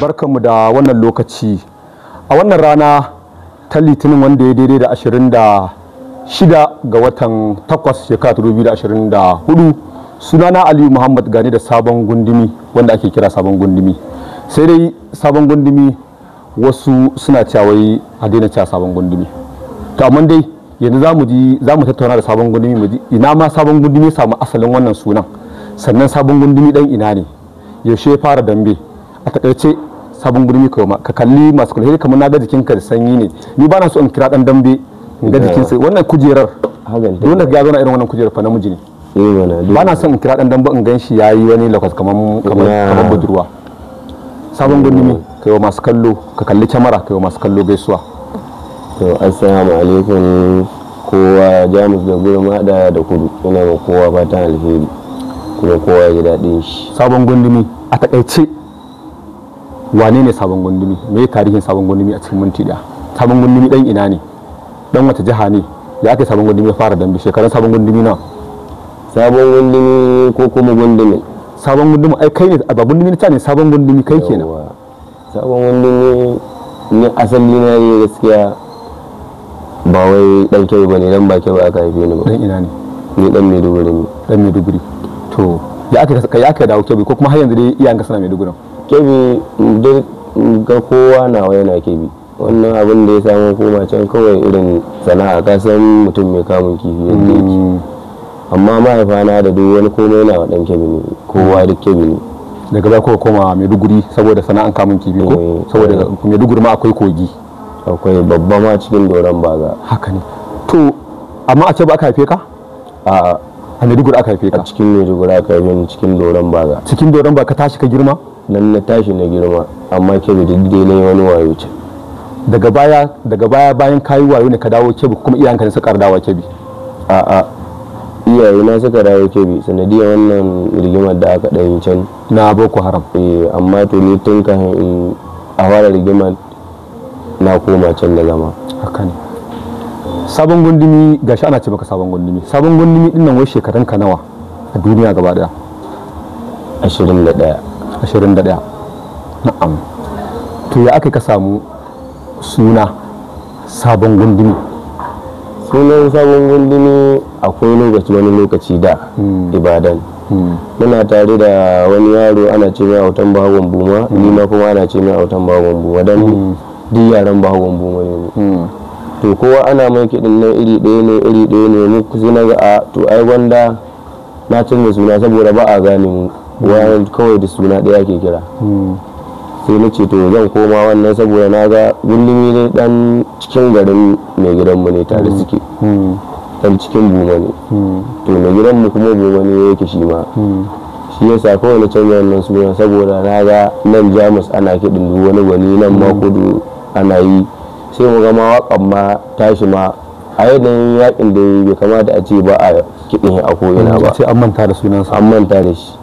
barkanmu da wannan lokaci a wannan rana ta litinin wanda ya daidai da ashirin da shida ga watan takwas shekara ta da ashirin da hudu sunana aliyu muhammad gani da sabon gundumi wanda ake kira sabon gundumi sai dai sabon gundumi wasu suna cawai a daina cewa sabon gundumi to amma dai yanzu za mu ji za mu tattauna da sabon gundumi mu ji ina ma sabon gundumi ya samu asalin wannan sunan sannan sabon gundumi dan ina ne yaushe ya fara dambe a takaice sabon gurmi ka ka kalli masu kula kamar na ga jikin ka da sanyi ne ni ba na so in kira dan dambe ga jikin sai wannan kujerar wanda ga na irin wannan kujerar fa namiji ne ba eh na son in kira dan dambe in gan shi yayi wani lakwas kamar kamar budurwa sabon gurmi kai wa masu kallo ka kalli kyamara kai wa masu kallo gaisuwa to assalamu alaikum kowa jamus da gurin hada da kudu ina ma kowa fatan alheri kuma kowa ya daɗin shi sabon gundumi a takaice wane ne sabon gundumi me tarihin sabon gundumi a cikin minti daya sabon gundumi dan ina ne dan wata jiha ne ya ake sabon gundumi ya fara dambe shekarun sabon gundumi na sabon gundumi ko kuma gundumi sabon gundumi ai kai ne ba gundumi ta ne sabon gundumi kai kenan sabon gundumi ne asali na ne gaskiya ba wai dan kyau bane dan ba kyau aka haife ni ba dan ina ne ni dan Maiduguri ne dan Maiduguri to ya aka ya aka dawo kyau ko kuma har yanzu dai iyayen ka suna Maiduguri kebi duk ga kowa nawa yana kebi wannan abin da ya samu koma can kawai irin sana'a ka san mutum mai kamun kifi yadda yake hmm. amma mahaifa na da duk wani komai na waɗan kebi ne kowa duk kebi ne daga za ku koma maiduguri saboda sana'an kamun kifi ko eh. saboda maiduguri ma akwai kogi akwai babba ma cikin doron baza haka ne to amma a ce ba aka haife ka a maiduguri aka haife ka a cikin maiduguri aka haife ni cikin doron baza cikin doron baza ka tashi ka girma nan na tashi na girma amma kebe da dai na yi wani wayo ce daga baya daga baya bayan kayi wayo ne ka dawo kebe kuma iyayenka ne suka dawo kebe a'a iyaye na suka dawo kebe sanadiyar wannan rigimar da aka ɗanyi can na boko haram eh amma to ni tun ka in a fara rigimar na koma can da zama haka ne sabon gundumi shi ana ce baka sabon gundumi sabon gundumi din nan wai shekarun ka nawa a duniya gaba daya 21 21 na'am to ya aka ka samu suna sabon gundumi sunan sabon gundumi akwai lokaci wani lokaci da hmm. ibadan hmm. muna tare da wani yaro ana ce mai autan bahagon buma hmm. nima kuma ana ce mai autan bahagon buma don duk yaran bahagon buma ne to kowa ana mai kiɗin na iri ɗaya ne iri ɗaya ne mu kusa na ga a to ai gwanda na canza suna saboda ba a gane mu wayan kawai da suna ɗaya ke kira hmm. sai na ce to zan koma wannan saboda na ga gundumi ne dan cikin garin mai gidanmu ne tare hmm. suke dan hmm. cikin buma ne to mai gidanmu kuma buma ne yake shi ma shi ya sa kawai na canza wannan suna saboda na ga nan jamus ana kiɗin duk wani gwani nan ma ana yi sai mu ga mawaƙan ma tashi ma a yanayin yakin da bai kamata a ce ba a kiɗin a ko'ina ba sai an manta da sunansa an manta da shi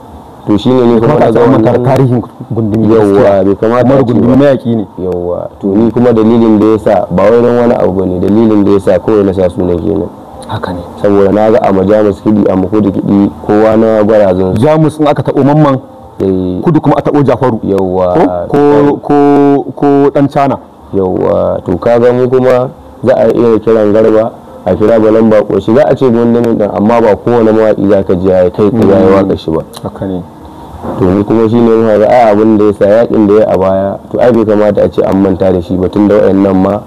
to shi ne kuma a zama maka tarihin gundumi yawa bai kamata kuma gundumi mayaki ne Yawwa to ni kuma dalilin da yasa ba wai don wani abu bane dalilin da yasa kawai na sa sunan kenan haka ne saboda na ga a majamus kidi a mako da kidi kowa na su. jamus in aka taɓo mamman eh. kudu kuma a taɓo jafaru Yawwa ko ko ko dan cana Yawwa to kaga mu kuma za a iya kiran garba a kira balan bako shi za a ce gundumin dan amma ba kowane mawaƙi za ka ji ya kai ka yayi mm. waka shi ba haka ne to kuma shi muka ga ai ah, abin da ya sa yakin da ya a baya to ai bai kamata a ce an manta da shi ba tun da wayannan ma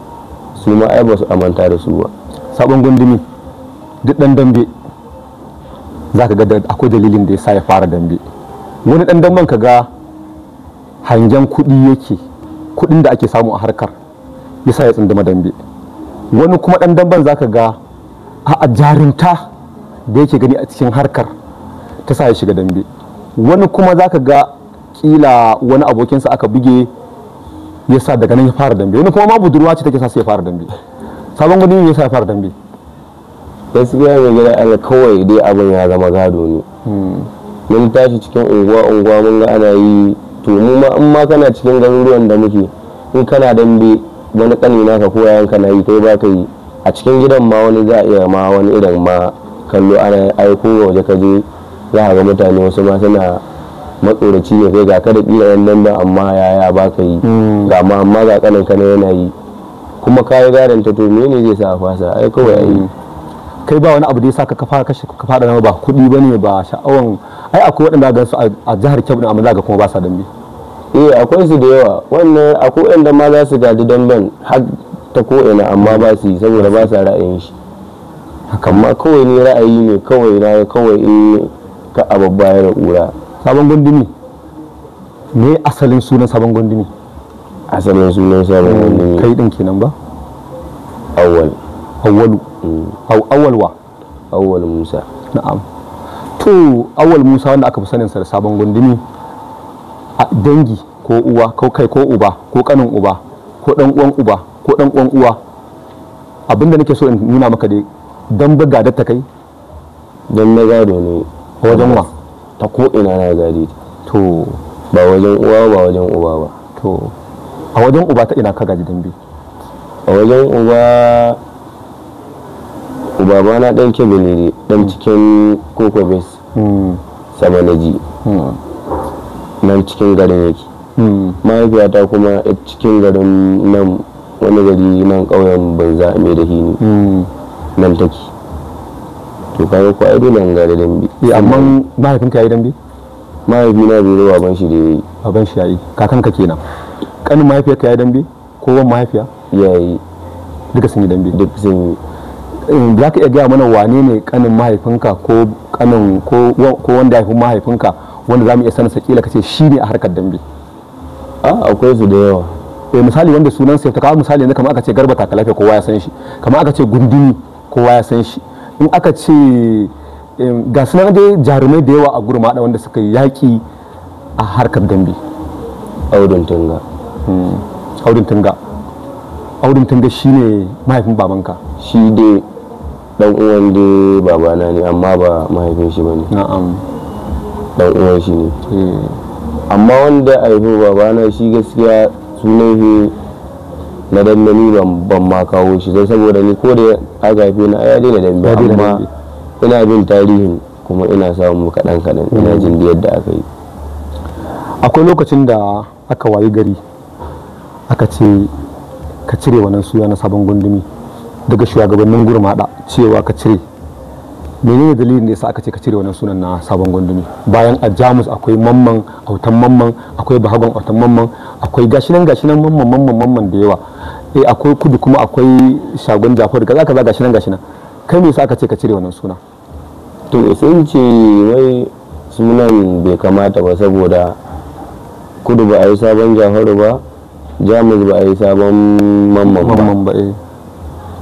su ma ai ba su amanta da su ba sabon gundumi duk dan dambe zaka ga akwai dalilin da ya sa ya fara dambe wani dan damben ka ga hangen kuɗi yake kuɗin da ake samu a harkar ya sa ya tsunduma dambe wani kuma dan damben zaka ga a jarinta da yake gani a cikin harkar ta sa ya shiga dambe wani kuma zaka ga kila wani abokinsa aka buge ya sa daga nan ya fara dambe wani kuma ma budurwa ce take sa sai ya fara dambe sabon gudun ya sa ya fara dambe gaskiya mai gina ana kawai dai abin ya zama gado ne hmm. mun tashi cikin unguwa unguwa mun ga ana yi to mu ma in ma kana cikin garuruwan da muke in kana dambe wani kani naka ko yayan kana yi kai ba ka yi a cikin gidan ma wani za a iya ma wani irin ma kallo ana aiko waje ka je za ga mutane wasu ma suna matsoraci ne kai ga ka da yan nan da amma yaya ba ka yi hmm. ga ma amma ga kanan ka yana yi kuma kayi garan ta to ne zai sa fasa ai kawai ai hmm. kai ba wani abu da ya sa ka kafa kashe ka fada nama ba kuɗi ba ne ba sha'awan ai akwai waɗanda ga su a jihar Kebbi amma za ga kuma ba sa dambe eh akwai su da yawa wannan akwai waɗanda ma za su gadi damben har ta ko ina amma ba su yi saboda ba sa ra'ayin shi amma kawai ni ra'ayi ne kawai na kawai eh ka abin bayar da ƙura sabon gundumi ne asalin sunan sabon gundumi asalin sunan sabon hmm, gundumi kai din kenan ba awwal awwalu hmm. aw awwal awwal musa na'am to awwal musa wanda aka fi saninsa da sabon gundumi a dangi ko uwa ko kai ko uba ko kanin uba ko dan uwan uba ko dan uwan uwa abinda nake so in nuna maka dai dan buga da ta kai dan na ne wajen ma ta ko ina na gari to ba wajen uwa ba wajen uba ba to a wajen uba ta ina ka gaji dambe a wajen uba uba ba na dan ke ne dan cikin koko base hmm. sama na ji hmm. nan cikin garin yake hmm. mahaifiyata kuma cikin garin nan wani gari nan ƙauyen banza mai da hini nan take to kaga ko ai dole mun ga da dambe eh amma mahaifinka yi dambe mahaifi na bai rawa ban shi da yayi baban shi yayi kakanka kenan kanin ya yi dambe ko wan mahaifiya yayi duka sun yi dambe duk sun yi eh, za ka iya gaya mana wane ne kanin mahaifinka ko kanin ko wanda fi mahaifinka wanda za mu iya sanin sakila kace shi ne a harkar dambe a ah, akwai su da yawa eh misali wanda sunan sai ta kawo misali ne kamar aka ce garba takalafe kowa ya san shi kamar aka ce gundumi kowa ya san shi in aka ce ga na dai jarumai da yawa a da wanda suka yaki yaƙi a harkar dambe audun tunga hmm. audun tunga audun tunga shi ne mahaifin babanka shi dai dan uwan da babana ne amma ba mahaifin shi ba ne na'am dan uwan shi ne eh. amma wanda aibu babana shi gaskiya sunan na dandami ban ma kawo shi don saboda ni ko da aka haife na ya daina dambe amma ina bin tarihin kuma ina samu kaɗan kaɗan ina hmm. jin da yadda aka yi akwai lokacin da aka wayi gari aka ce ka cire wannan suya na sabon gundumi daga shugabannin gurmada cewa ka cire Mene ne dalilin da yasa aka ce ka cire wannan sunan na sabon gundumi bayan a jamus akwai mamman autan mamman akwai bahagon autan mamman akwai gashinan gashinan mamman mamman mamman da yawa eh akwai kudu kuma akwai shagon jafar zaka kaza gashinan gashinan kai me yasa aka ce ka cire wannan suna to sai ce wai sunan bai kamata ba saboda kudu ba a yi sabon jafaru ba jamus ba a yi sabon mamman ba eh.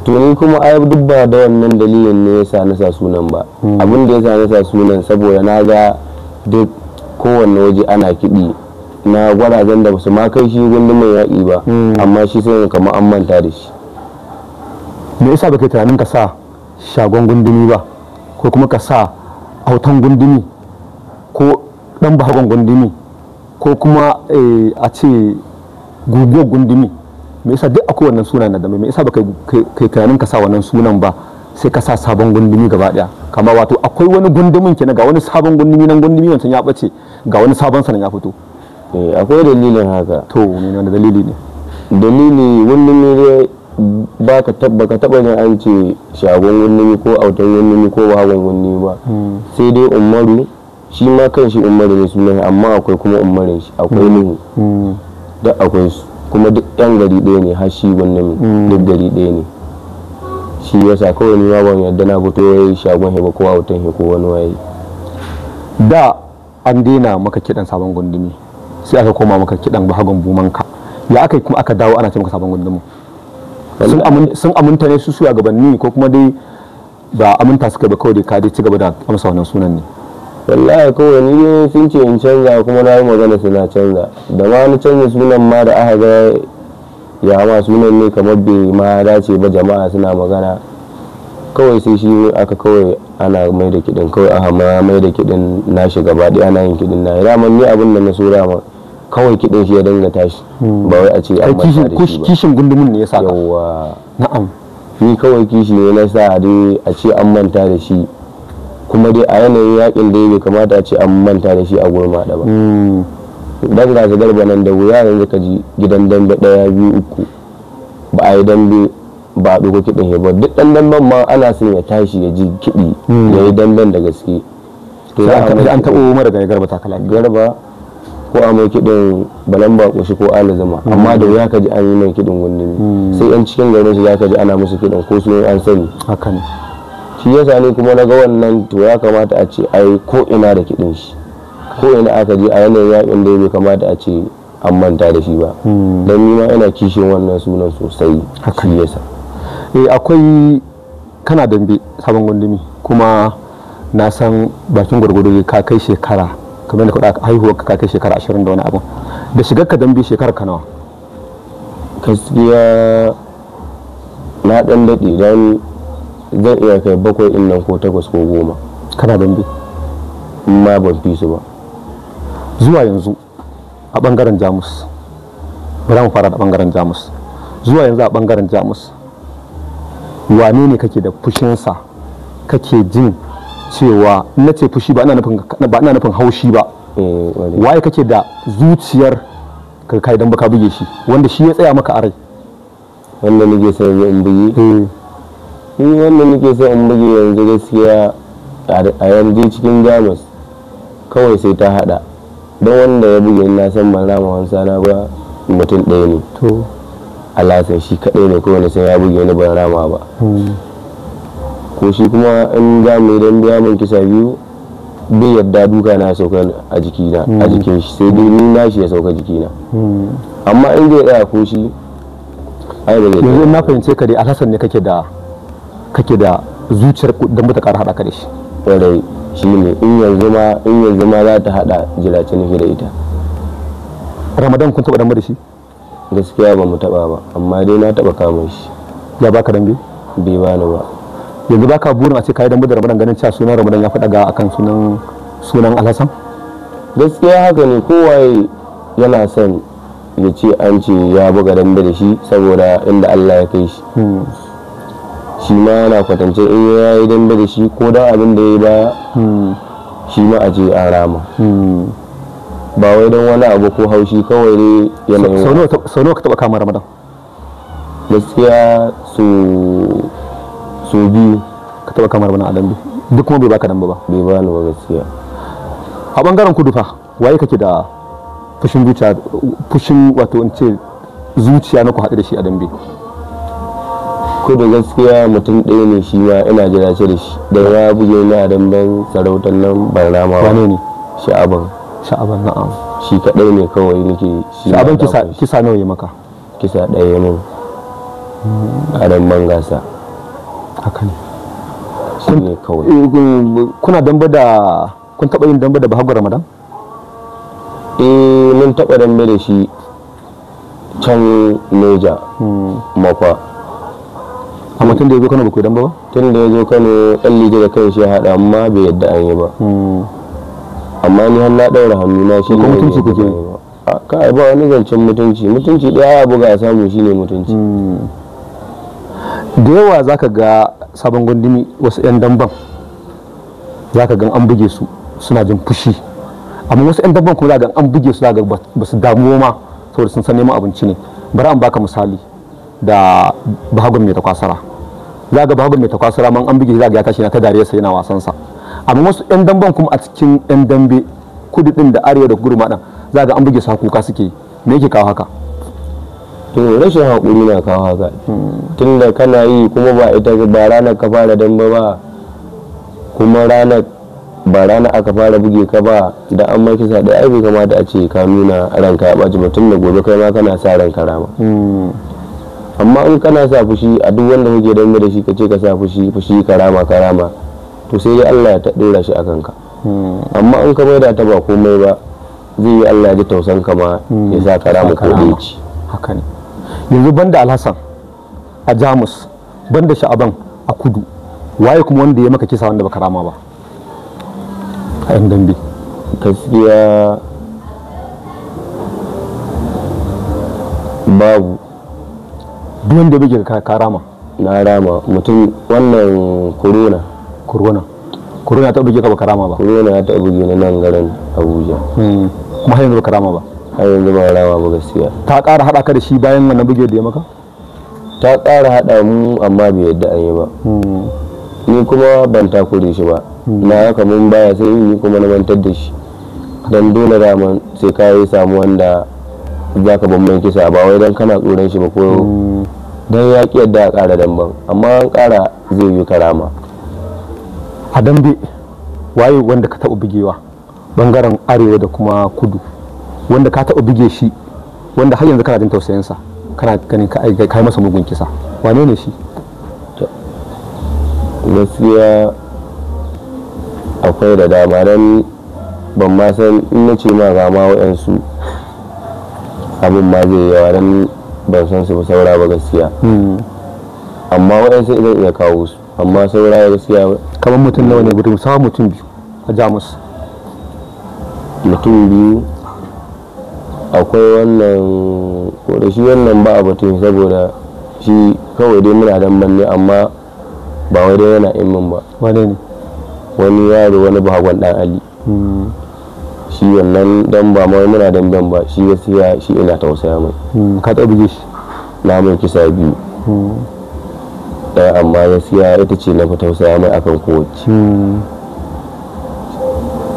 to ni kuma ai duk ba da wannan dalilin ne yasa na sa sunan ba hmm. abin da yasa na sa sunan saboda na ga duk kowanne waje ana kiɗi na zan da basu ma kai shi gundumin yaƙi ba hmm. amma shi sai kamar an manta da shi me yasa baka tunanin ka sa shagon gundumi ba ko kuma ka sa autan gundumi ko dan bahagon gundumi ko kuma eh, a ce guguwar gundumi me yasa duk akwai wannan sunan na da me yasa baka kai tunanin ka sa wannan sunan ba sai ka sa sabon gundumi gaba daya kama wato akwai wani gundumin kenan ga wani sabon gundumi nan gundumi wancan ya bace ga wani sabon sanan ya fito eh akwai dalilin haka to ne wanda dalili ne dalili gundumi ne ba ka tabbaka taba ne an ce shagon gundumi ko autan gundumi ko wagon gundumi ba hmm. sai dai umaru shi ma kan shi umaru ne sunan amma akwai kuma umaru shi akwai ne hmm. da akwai su kuma duk yan gari ɗaya ne har shi wannan mm. duk gari ɗaya ne shi yasa kawai ni ma ban yadda na fito ya yi shagon heba ko autan he ko wani waye da an daina maka kiɗan sabon gundumi sai aka koma maka kiɗan bahagon bumanka ya aka yi kuma aka dawo ana ce maka sabon gundumi sun aminta ne su su gabanni ko kuma dai ba aminta suka ba kawai da ka dai ci gaba da amsa wannan sunan ne wallahi kawai ni ne sun ce in canza kuma na yi magana suna canza da ma na canza sunan ma da aka ga ya ma sunan ne kamar bai ma dace ba jama'a suna magana kawai sai shi aka kawai ana mai da kiɗin kawai aka ma mai da kiɗin nashi gaba da ana yin kiɗin na raman ni abin da na so rama kawai kiɗin shi ya dinga tashi hmm. ba wai a ce an manta da shi ba kishin gundumin ne ya sa yawa na'am ni kawai kishi ne na sa a ce an manta da shi kuma dai a yanayin yakin da ya kamata a ce an manta da shi a gurma da ba hmm. dan ga zagar nan da wuya yanzu ka ji gidan dambe ɗaya biyu uku ba a yi dambe ba a ɗauko kiɗin ba duk dan damben ma ana son ya tashi ya ji kiɗi hmm. ya yi damben da gaske to an taɓo mara gari garba takala garba ko a mai kiɗin balan bako shi ko zama hmm. amma da wuya ka ji an yi mai kiɗin gundumi sai yan cikin garin su ya ka ji ana musu kiɗin ko su an sani shi yasa ne kuma na ga wannan to ya kamata a ce ai ko ina da kidin shi ko ina aka je a yanayin yakin da bai kamata a ce an manta da shi ba hmm. don nima ina kishin wannan sunan sosai shi yasa eh, akwai kana dambe sabon gundumi kuma na san bakin gwargwado ka kai shekara kamar da kuɗa haihuwar ka kai shekara ashirin da wani abu da shigar ka dambe shekarar ka nawa gaskiya na ɗan daɗe don zan iya kai bakwai in nan ko takwas ko goma kana bi ma ban fi su ba zuwa yanzu a bangaren jamus bari mu fara da bangaren jamus zuwa yanzu a bangaren jamus wane ne kake da fushinsa kake jin cewa na ce fushi ba ina nufin haushi ba eh, waye kake da zuciyar ka kai dan baka buge shi wanda shi ya tsaya maka a rai wanda nake sai in buge eh. shi wanda nake so in buge yanzu gaskiya a yanzu cikin jamus kawai sai ta hada don wanda ya buge na san ban rama na ba mutum ɗaya ne to alasan shi kaɗai ne na sai ya buge ni ban rama ba hmm. ko shi kuma in za mu idan biya mun kisa biyu bai yadda duka na sauka a jikina a hmm. jikin shi sai dai ni na shi ya sauka jikina hmm. amma in zai ɗaya ko shi ai ba zai na fahimce ka dai alasan ne kake da kake da zuciyar don ba ta ƙara haɗa ka da shi ƙwarai shi ne in yanzu ma in yanzu ma za ta haɗa jilacin hira ita ramadan kun taɓa dambe da shi gaskiya ba mu taɓa ba amma dai na taɓa kama shi ya baka dambe bai bani ba yanzu baka burin a ce kayi dambe da ramadan ganin cewa sunan ramadan ya faɗa ga akan sunan sunan alhassan gaskiya haka ne kowaye yana son ya ce an ce ya buga dambe da shi saboda inda allah ya kai shi hmm. shi ma na kwatance in ya yi dambe da shi ko da abin da ya yi ba, hmm. shi ma a je a rama hmm. ba wai don wani abu ko haushi kawai ne yanayin sau nawa ka taba kama ramadan gaskiya so biyu ka taba kama ramadan a dambe duk kuma bai baka dambe ba bai ba ni ba gaskiya a bangaren kudu fa waye kake da fushin zuciya fushin wato in ce zuciya na ku haɗu da shi a dambe ko da gaskiya mutum ɗaya ne shi ma ina jira shi da shi da ya buge ni a damben sarautar nan ban ba. wane ne sha'aban sha'aban na'am shi kaɗai ne kawai nake shi sha'aban kisa kisa nawa ya maka kisa ɗaya mun a damben gasa haka ne shi ne kawai kuna damba da kun taɓa yin damba da bahagur ramadan eh mun taɓa damba da shi can neja makwa hmm. a mutum da ya zo kano bakwai ku dan ba tun da ya zo kano dan lije da kai shi hada amma bai yadda an yi ba hmm. amma ni har na daura hannu na shi ne mutunci kuke kai ba wani zancen mutunci mutunci daya abu ga samu ne mutunci hmm. da yawa zaka ga sabon gundumi wasu yan damban zaka ga an buge su suna jin fushi amma wasu yan damban kuma zaka ga an buge su zaka ga ba su damu ma saboda sun san neman abinci ne bari an baka misali da bahagon mai da kwasara za ga bahagun mai takwasu man an buge za ga ya tashi na ta dariya sai yana wasan sa amma wasu yan damben kuma a cikin yan dambe kudu din da arewa da gurma din za ga an buge su kuka suke me yake kawo haka to rashin haƙuri na kawo haka tunda kana yi kuma ba ita ba ranar ka fara dambe ba kuma ranar ba rana aka fara buge ka ba da an mai kisa da ai bai kamata a ce ka nuna ranka ya ɓaci mutum da gobe kai ma kana sa ranka rama hmm. amma in kana sa fushi a duk wanda kake dambe da shi ka ka sa fushi fushi karama karama to sai dai Allah ya dora shi a kanka amma in ka maida ta ba komai ba zai yi Allah ya ji tausan ka ma hmm. ya sa karama ko da ci haka ne yanzu banda alhasan a Jamus banda Sha'aban a Kudu waye kuma wanda ya maka kisa wanda ba karama ba a yan dambe gaskiya babu duk wanda bige ka karama na rama mutum wannan corona corona corona ta buge ka ba karama ba corona ta buge ni nan garin Abuja hmm. kuma har yanzu ba karama ba har yanzu ba rama ba gaskiya ta ƙara hada ka da shi bayan wannan buge da ya maka ta ƙara hada mu amma bai yadda an yi ba hmm. ni kuma ban takure shi ba hmm. na haka mun baya sai ni kuma na mantar da shi Dan dole daman sai ka yi samu wanda za ka bambanci sa ba wai dan kana tsoron shi ba ko don ya ƙi yadda a ƙara damban amma an ƙara zai yi karama a dambe waye wanda ka taɓa bugewa bangaren arewa da kuma kudu wanda ka taɓa buge shi wanda har yanzu kana jin tausayinsa kana ganin ka kai masa mugun kisa wane ne shi gaskiya akwai da dama don ban ma san ina ce ma ga ma waɗansu abin ma zai yawa don ban san su ba saura ba gaskiya hmm. amma waɗansu idan iya kawo su amma saura ya gaskiya kamar mutum nawa ne mutum samun mutum biyu a jamus mutum biyu akwai wannan ko da shi wannan ba a batun saboda shi kawai dai muna dan banne amma ba wai dai yana imin ba wani yaro wani bahagwan dan ali hmm. shi wannan dan ba mai muna damben ba shi gaskiya shi ina tausaya mai hmm, ka ta buge shi na mai kisa biyu ɗaya hmm. eh, amma gaskiya ita ce na tausaya mai akan kowace hmm.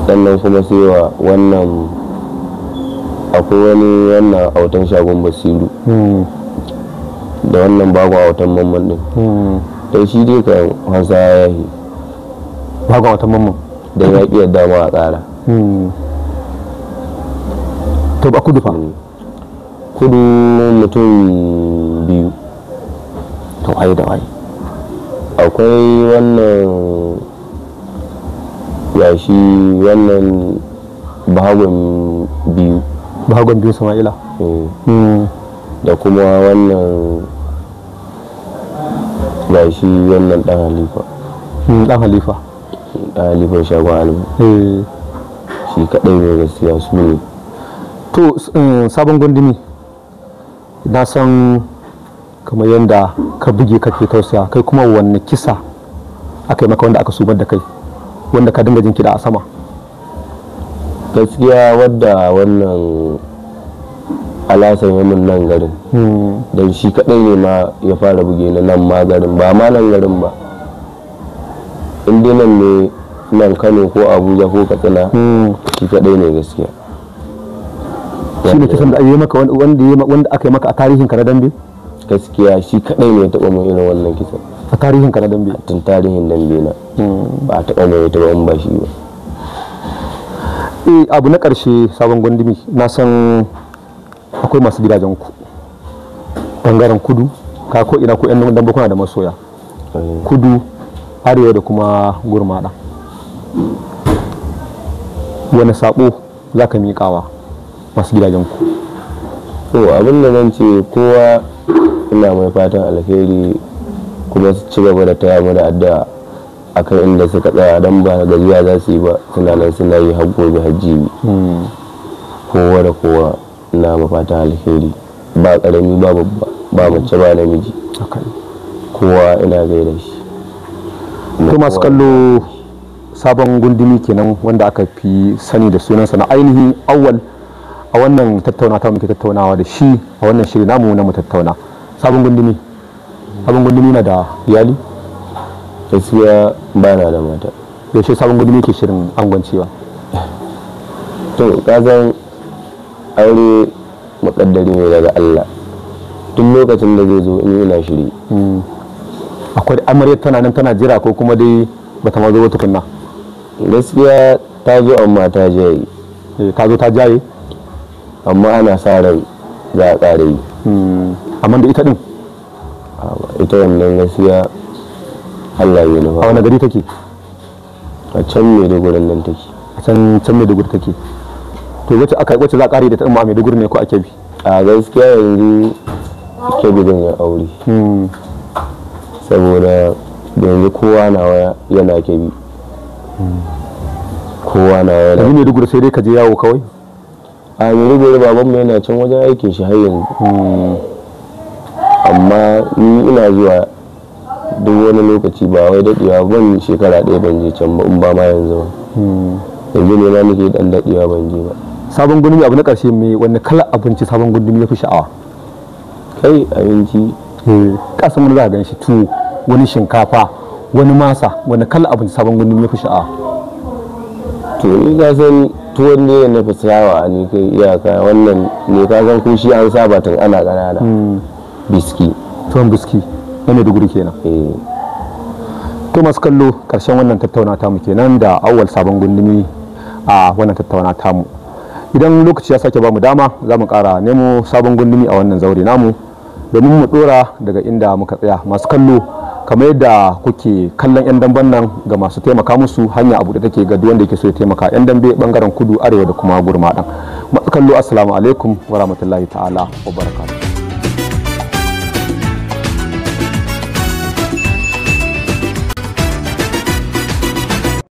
sannan kuma sai wa wannan akwai wani wannan autan shagon basiru da wannan bago autan mamman din don shi dai kan hansa ya yi bago autan mamman don ya ƙi yadda ma a tsara to ba kudu fa kudu mutum biyu to ai da ai akwai wannan yashi wannan bahagon biyu bahagon biyu sama'ila eh. hmm. da kuma wannan yashi wannan dan halifa dan hmm, halifa dan halifa shagon alibu eh. shi kadai mai gaskiya su ne to eh, sabon gundumi na san kamar yadda ka buge kake tausaya kai kuma wanne kisa aka yi maka wanda aka sumar da kai wanda ka dinga jin kiɗa a sama gaskiya wadda wannan alasan yamin nan garin hmm. don shi kaɗai ne ma ya fara buge na nan ma garin ba ma nan garin ba inda nan ne nan kano ko abuja ko katsina hmm. shi kaɗai ne gaskiya shi ne kisan da yi maka wanda aka yi maka a tarihin ka na dambe gaskiya shi kadai ne ya taɓa mun irin wannan kisan a tarihin ka na dambe tun tarihin dambe na hmm. ba a taba mun taɓa in ba shi ba eh abu na ƙarshe sabon gwandumi na san akwai masu gidajen ku bangaren kudu ka ko ina ko yan dambe kuna da masoya eh. kudu arewa da kuma gurmada wani sabo za ka miƙawa Wasu gidajenku to abin da zan ce kowa ina mai fatan alheri kuma su ci gaba da taya mu da addu'a akan inda suka tsaya don ba zuwa za su yi ba suna nan suna yi har gobe har jibi hmm. kowa da kowa na fatan alheri ba karami ba babba ba mace ba namiji kowa ina gaida shi to masu kallo sabon gundumi kenan wanda aka fi sani da sunansa na ainihin awal a wannan tattauna ta muke tattaunawa da shi a wannan shirin namu na mu tattauna sabon gundumi sabon gundumi na da iyali gaskiya ba na da mata yaushe sabon gundumi ke shirin angwancewa to kazan aure makaddari ne daga Allah duk lokacin da zai zo in yi na shiri hmm. akwai amarya tana nan tana jira ko kuma dai bata ma zo ba tukunna gaskiya ta zo amma ta jaye eh, ta zo ta jaye amma ana sa rai za a ƙare yi hmm. amma da ita din ita wannan gaskiya Allah ya nufa a wani gari take a can mai Maiduguri nan take a can can Maiduguri take to wacce aka wacce za a ƙare da ta amma mai Maiduguri ne ko a kebi a gaskiya yanzu kebi zan yi aure hmm. saboda yanzu kowa na waya yana kebi hmm. kowa na waya yana mai Maiduguri sai dai ka je yawo kawai a gari gari babanmu yana can wajen aikin shi har yanzu amma ni ina zuwa duk wani lokaci ba wai daɗewa ban shekara ɗaya ban je can ba in ba ma yanzu ba yanzu ne ma nake dan daɗewa ban je ba sabon gundumi abu na ƙarshe mai wani kalar abinci sabon gundumi ya fi sha'awa kai abinci kasan eh, wani za a gan shi tuwo wani shinkafa wani masa wani kalar abinci sabon gundumi ya fi sha'awa to ni ga sani tuwon ne na fitawa a ne kai iyaka wannan ne ka san kushi an saba tun ana ƙanana hmm. biski tuwon biski na maiduguri kenan eh. to masu kallo karshen wannan tattauna tamu kenan da awwal sabon gundumi a wannan tattauna tamu idan lokaci ya sake bamu dama za mu kara nemo sabon gundumi a wannan zaure namu domin mu dora daga inda muka tsaya masu kallo kamar yadda kuke kallon 'yan damben nan ga masu taimaka musu hanya abu da take ga wanda yake so ya taimaka 'yan dambe bangaren kudu arewa da kuma gurma dan matsakallo assalamu alaikum wa rahmatullahi ta'ala wa barakatuh